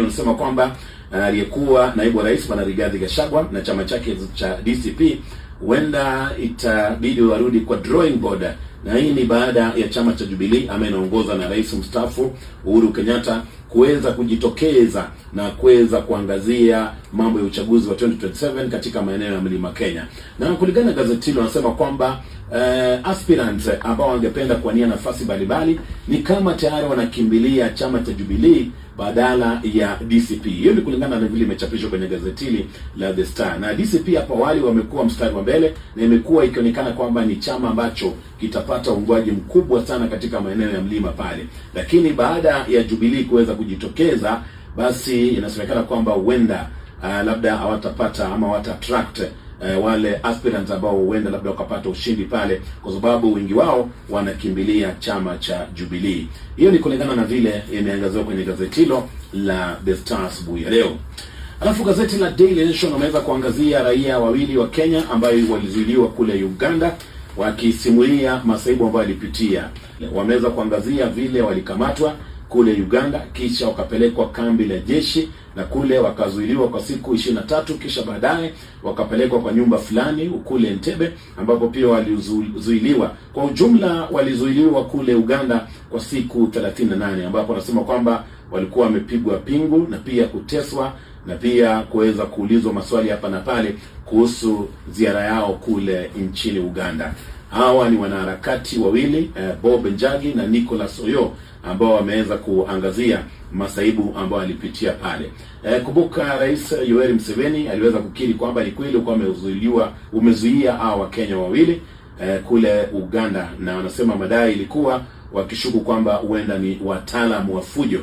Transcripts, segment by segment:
utekelezaji unasema kwamba eh, aliyekuwa naibu wa rais bwana Rigathi Gachagua na chama chake cha DCP huenda itabidi warudi kwa drawing board, na hii ni baada ya chama cha Jubilee ambaye inaongozwa na rais mstaafu Uhuru Kenyatta kuweza kujitokeza na kuweza kuangazia mambo ya uchaguzi wa 2027 katika maeneo ya Mlima Kenya, na kulingana na gazeti hilo wanasema kwamba uh, eh, aspirant ambao wangependa kuania nafasi mbalimbali ni kama tayari wanakimbilia chama cha Jubilee badala ya DCP. Hiyo ni kulingana na vile imechapishwa kwenye gazeti hili la The Star. Na DCP hapo awali wamekuwa mstari wa mbele na imekuwa ikionekana kwamba ni chama ambacho kitapata uungwaji mkubwa sana katika maeneo ya mlima pale, lakini baada ya Jubilee kuweza kujitokeza, basi inasemekana kwamba huenda uh, labda hawatapata ama wata attract eh, wale aspirants ambao huenda labda wakapata ushindi pale, kwa sababu wengi wao wanakimbilia chama cha Jubilee. Hiyo ni kulingana na vile imeangaziwa kwenye gazeti hilo la The Star asubuhi ya leo. Alafu gazeti la Daily Nation wameweza kuangazia raia wawili wa Kenya ambayo walizuiliwa kule Uganda wakisimulia masaibu ambayo walipitia. Wameweza kuangazia vile walikamatwa kule Uganda, kisha wakapelekwa kambi la jeshi na kule wakazuiliwa kwa siku ishirini na tatu kisha baadaye wakapelekwa kwa nyumba fulani kule Entebbe ambapo pia walizuiliwa. Kwa ujumla walizuiliwa kule Uganda kwa siku 38 ambapo wanasema kwamba walikuwa wamepigwa pingu na pia kuteswa na pia kuweza kuulizwa maswali hapa na pale kuhusu ziara yao kule nchini Uganda. Hawa ni wanaharakati wawili eh, Bob Njagi na Nicholas Oyo ambao wameweza kuangazia masaibu ambayo alipitia pale. Eh, kumbuka Rais Yoweri Museveni aliweza kukiri kwamba ni kweli ulikuwa umezuiliwa, umezuia hawa Wakenya wawili eh, kule Uganda, na wanasema madai ilikuwa wakishuku kwamba huenda ni wataalamu wa fujo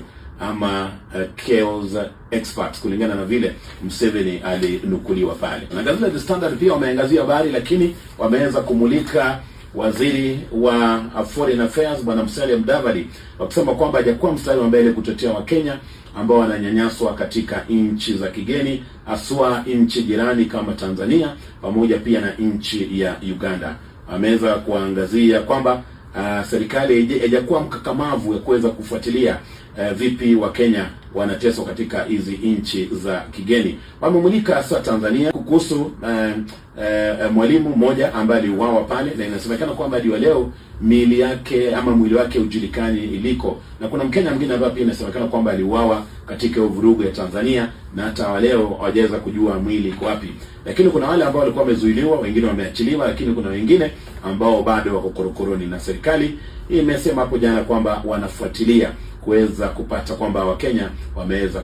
ama uh, chaos experts kulingana na vile Museveni alinukuliwa pale. Na gazeti la The Standard pia wameangazia habari, lakini wameweza kumulika waziri wa uh, Foreign Affairs Bwana Musalia Mudavadi wakisema kwamba hajakuwa mstari wa mbele kutetea Wakenya ambao wananyanyaswa katika nchi za kigeni, haswa nchi jirani kama Tanzania pamoja pia na nchi ya Uganda. Ameweza kuangazia kwamba uh, serikali haijakuwa mkakamavu ya kuweza kufuatilia uh, vipi Wakenya wanateswa katika hizi nchi za kigeni. Wamemulika hasa Tanzania kuhusu uh, uh, mwalimu mmoja ambaye aliuawa pale, na inasemekana kwamba hadi leo miili yake ama mwili wake hujulikani iliko, na kuna Mkenya mwingine ambaye pia inasemekana kwamba aliuawa katika uvurugu ya Tanzania, na hata leo hawajaweza kujua mwili iko wapi. Lakini kuna wale ambao walikuwa wamezuiliwa, wengine wameachiliwa, lakini kuna wengine ambao bado wako korokoroni, na serikali imesema hapo jana kwamba wanafuatilia kuweza kupata kwamba Wakenya wameweza